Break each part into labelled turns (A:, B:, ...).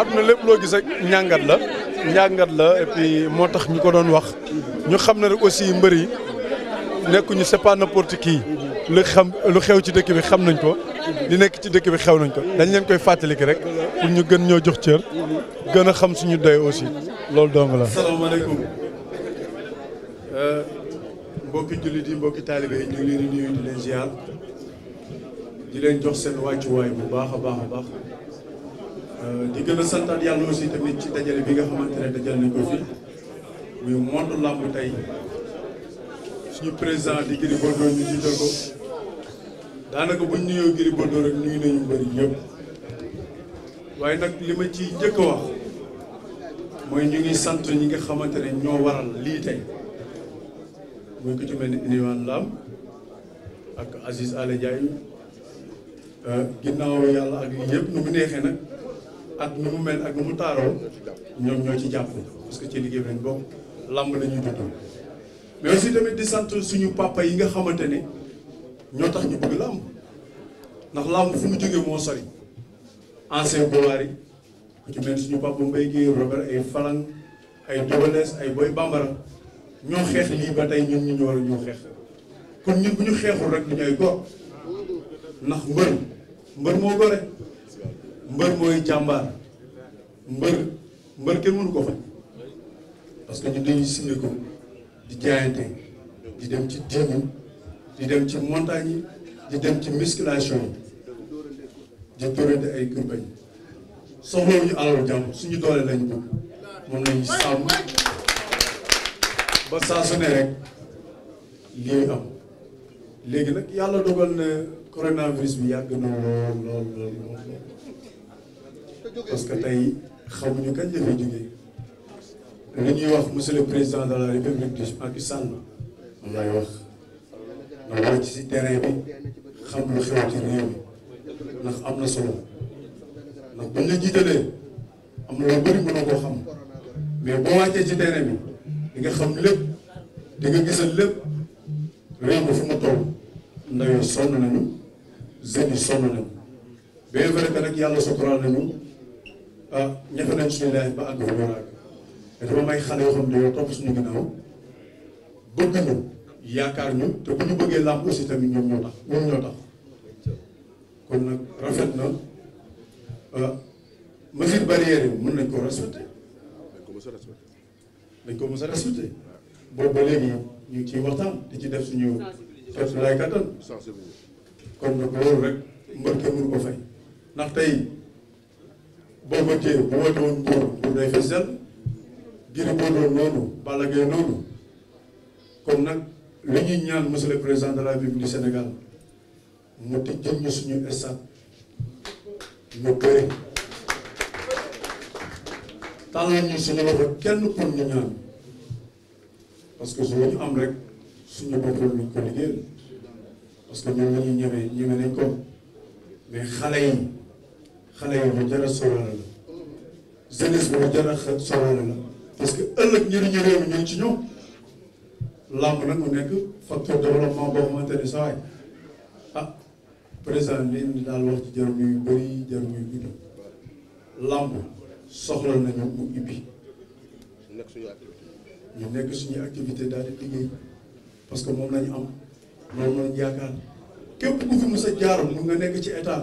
A: àdduna lépp loo gis rek njàngat la njàngat la et puis moo tax ñu ko doon wax ñu xam ne rek aussi mbër yi nekkuñu c'est pas n'importe qui lu xam lu xew ci dëkk bi xam nañ ko li nekk ci dëkk bi xew nañ ko dañ leen koy fàttaliki rek pour ñu gën ñoo jox cër gën a xam suñu doy aussi loolu dong la. salaamaaleykum mbokki jullit yi mbokki taalibe yi ñu ngi leen di nuyu di leen ziar di leen jox seen wàccuwaay bu baax a baax a baax. Euh, di gën a santaat yàlla aussi tamit ci dajale bi nga xamante ne dajale nañ ko fi muy monde làmb tey suñu président di Gris Bordeaux ñu jiital ko daanaka buñ nuyoo Gris Bordeaux rek nuyu nañu bëri ñëpp waaye nag li ma ci jëkk a wax mooy ñu ngi sant ñi nga xamante ne ñoo waral lii tey muy ko ci mel ni Iliman Lam ak Aziz Aly Ndiaye euh, ginnaaw yàlla ak yëpp nu mu neexee nag ak nu mu mel ak nu mu taaroo ñoom ñoo ci jàpp parce que ci liggéey bi lañ bokk
B: làmb la ñuy dund
A: mais si tamit di sant suñu papa yi nga xamante ne ñoo tax ñu bëgg làmb ndax làmb fu mu jógee moo sori ancien boulaar yi ku ci mel suñu papa Mbaye Guèye Robert ay Falang ay Doubales ay Boy Bambara ñoo xeex lii ba tey ñu ñu war a ñoo xeex kon ñun bu ñu xeexul rek du ñu ay góor ndax mbër mbër moo gore mbër mooy jàmbaar mbër mbër kenn mënu ko faj parce que ñu dañuy signé di jaayante di dem ci diine di dem ci montagne di dem ci musculation yi di dóorante ay campagne soxlawuñu alalu jàmm suñu doole lañ bëgg moom lañuy sàmm ba saa rek lii am léegi nag yàlla dogal na coronavirus bi yàgg na lool lool lool parce que tey xamuñu kañ la fi jógee li ñuy wax monsieur le président de la république du Macky Sall moom laay wax nga wàcc si terrain bi xam lu xew ci réew mi ndax am na solo ndax buñ la jiitalee am na lu bëri mënoo koo xam mais boo wàccee ci terrain bi di nga xam lépp di nga gisal lépp réew mi fu mu toll ndaw yi sonn nañu jeunes yi sonn nañu bien vrai que nag yàlla suturaal nañu. Ah, ñafe nañ suñu laaj ba àgg fa ñu àgg te dama may xale yoo xam ne yow topp suñu ginnaaw bëgg ñu yaakaar ñu te bu ñu bëggee làmb aussi tamit ñoom ñoo tax ñoom ñoo tax kon nag rafet na ah, mesure barrière yi mën nañ koo respecté dañ ko mos a respecté boobu ba léegi ñu ngi ciy waxtaan di ci def suñu xeetu laay kattan kon nag loolu rek mbër kenn mënu ko fay ndax tey boo wëccee bu wëcce woon nguur nguur day fees dell Gris Bordeaux noonu Balla Gaye nag li ñuy ñaan monsieur le président de la République du Sénégal mu tijjal ñu suñu stade ñu bëri tàllal ñu suñu kenn pour ñu ñaan parce que su ñu am rek suñu boppul luñ ko liggéeyal parce que ñun la ñuy ñeme ñeme nañ ko mais xale yi xale yi bu jar a la jeunesse boobu jar a la parce que ëllëg njëriñu réew mi ñu ngi ci ñoom làmb nag mu nekk facteur développement boo xamante ne saa ah, nañu mu ubbi ñu nekk suñuy activité daal di liggéey parce que moom nañu am loolu lañu yaakaar képp ku fi mës jaar mu nga nekk ci état.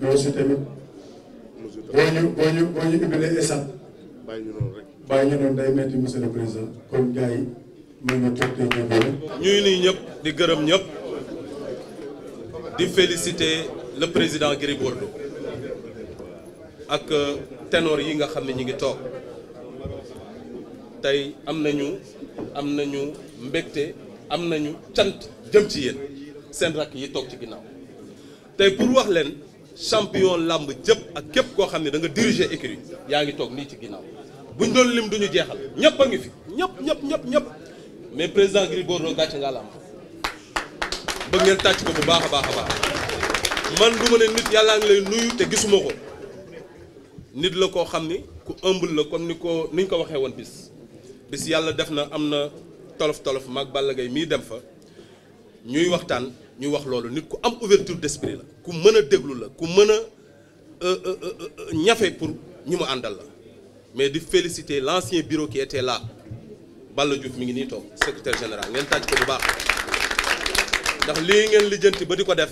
A: loolu si tamit boo ñu boo ñu boo ñu ubbilee esat bàyyi ñu noonu day metti monsieur le président kon gars yi mën toog tey
B: ñëpp di gërëm ñëpp le président Gris ak euh, ténor yi nga xam ne ñu ngi toog tey am na ñu am nañu mbégte am nañu cant jëm ci yéen seen rakk yi toog ci ginnaaw tey pour wax leen champion làmb jëpp ak képp koo xam ne da nga diriger écurie yaa ngi toog nii ci ginnaaw buñ doon lim duñu jeexal ñëpp a ngi fi ñëpp ñëpp ñëpp ñëpp mais président Gris Bordeaux gàcc ngaa làmb bëgg ngeen tàcc ko bu baax a baax a baax man du ma ne nit yàllaa ngi lay nuyu te gisuma ko nit la koo xam ni ku ëmbul la comme ni ko niñ ko waxee woon bis bis yàlla def na am na tolof tolof maag Balla Gaye mii dem fa Nous waxtaan ñu wax loolu nit ku am ouverture d'esprit la ku mën pour mais féliciter l'ancien bureau qui était là Balla Diouf mi secrétaire général ngeen ko bu baax ndax lii ngeen lijjanti ba di ko def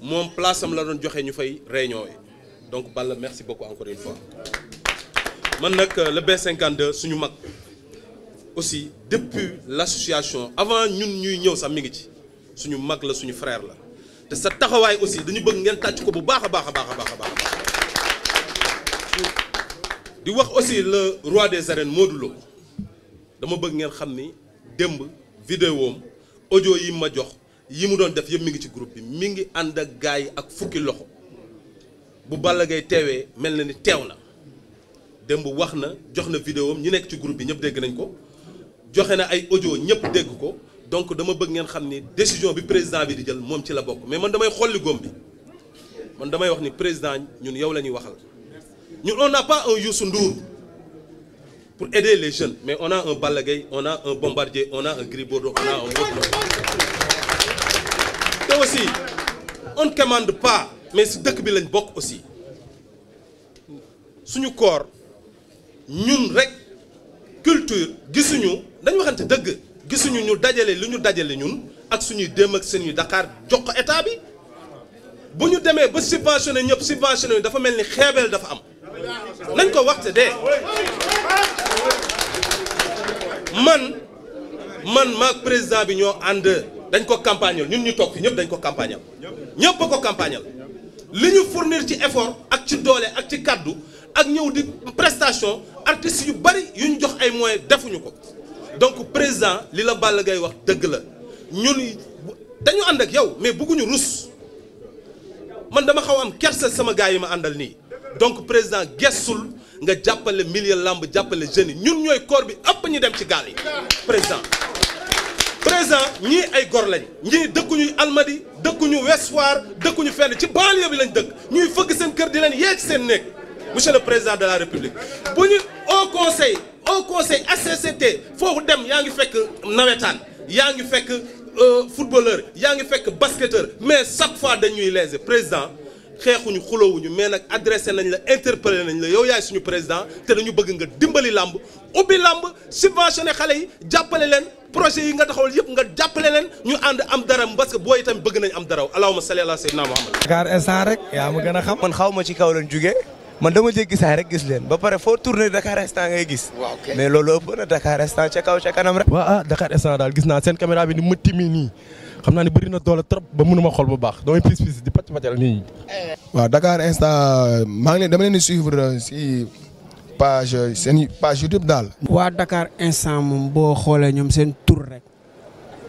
B: moom place am la doon joxe ñu fay réunion donc merci beaucoup encore une fois euh, le B52 suñu aussi depuis l'association avant ñun ñuy ñëw mi ngi suñu mag la suñu frère la te sa taxawaay aussi dañu bëgg ngeen tàcc ko bu baax a baax a baax baax di wax aussi le roi des arènes Modou Lo dama bëgg ngeen xam ni démb vidéoom audio yi ma jox yi mu doon def yëpp mi ngi ci groupe bi mi ngi ànd ak gars yi ak fukki loxo bu Balla Gaye teewee mel na ni teew na démb wax na jox na vidéoom ñi nekk ci groupe bi ñëpp dégg nañ ko joxe na ay audio ñëpp dégg ko donc dama bëgg que que décision du président bi la mais je damay xolli président on n'a pas un Youssou pour aider les jeunes mais on a un balagay, on a un Bombardier on a un on a un autre aussi on ne commande pas mais si dëkk bi lañ bokk aussi nous, nous ñun la culture nous dañ gisuñu ñu dajale lu ñu dajale ñun ak suñuy déem ak seen nous. Dakar jox ko état bi bu ñu démé ba subventionné ñëpp subventionné dafa melni xébel dafa am nañ ko waxté dé man man président bi ñoo and dañ ko campagnal ñun ñu tok ñëpp dañ ko campagnal ñëpp ko campagnal li ñu fournir ci effort ak ci ak ci cadeau ak ñëw di prestation artistes yu bari yu jox ay defuñu donc président li la Balla Gaye wax la ñun dañu ak yow mais ne man dama xaw am kersa ma donc président nga jeunes ñun dem ci nous président président Almadi dëkkuñu un Foire dëkkuñu ci banlieue bi lañ dëkk ñuy seen kër di monsieur le président de la république au conseil au conseil HCCT foofu dem yaa ngi fekk nawetaan yaa ngi fekk euh, footballeur yaa ngi fekk basketteur mais chaque fois dañuy léser président xeexuñu xulowuñu mais nag adressé nañ la interpellé nañ la yow yaay suñu président te dañu bëgg nga dimbali làmb ubbi làmb subventionné xale yi jàppale leen projet yi nga taxawal yëpp nga jàppale leen ñu ànd am dara parce que booy itam bëgg nañ am dara allahumma salli ala sayyidina Muhammad. Dakar instant rek yaa ma gën a xaw ma ci kaw lañ jugee. man dama jé saay rek gis len ba paré fo tourner Dakar instant ngay gis. mais lolo bëna Dakar instant ci kaw ci kanam rek. waaw ah, Dakar instant dal gis na sen caméra bi ni ma mi ni xam naa ne bëri na doole trop ba mënuma xol bu baax damay pis pis di pàcc pàccal ni waaw Dakar instant ma ngi leen dama leen di suivre ci page sen page YouTube dal
A: wa Dakar instant moom bo xolé ñom sen tour rek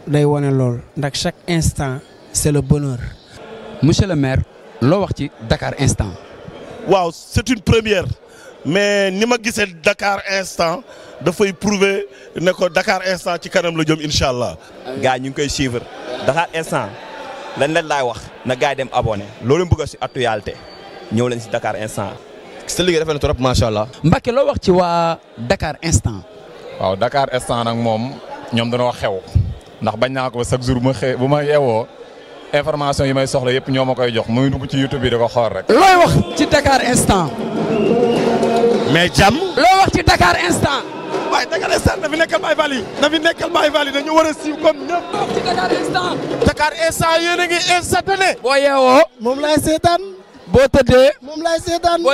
A: day wane lool ndax chaque instant c'est le bonheur. monsieur
B: le maire lo wax ci Dakar instant waaw c'est une première mais ni ma gisee Dakar instant da fay prouver ne ko Dakar instant ci kanam la jëm inshallah. Ga ñu ngi koy suivre Dakar instant lan leen lay wax na gaay dem abonné loolu bëgg ci actualité Ñew leen ci Dakar instant. sa ligue rafa na trop machallah. allah. lo wax ci wa Dakar instant. waaw Dakar instant nak nag moom ñoom wax xew ndax bañ na ko chaque jour bu ma yéwo information yi may soxla yëpp ñoo ma koy jox muy dugg ci YouTube bi di ko rek. looy wax ci Dakar instant. mais jàmm. looy wax ci Dakar instant. Dakar instant na ngi instantané. boo yeewoo. moom laay seetaan. boo tëddee. moom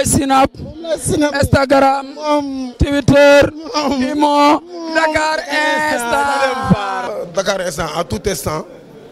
B: sinap. moom laay sinap Instagram. moom Twitter. Dakar instant.
A: Dakar instant à instant.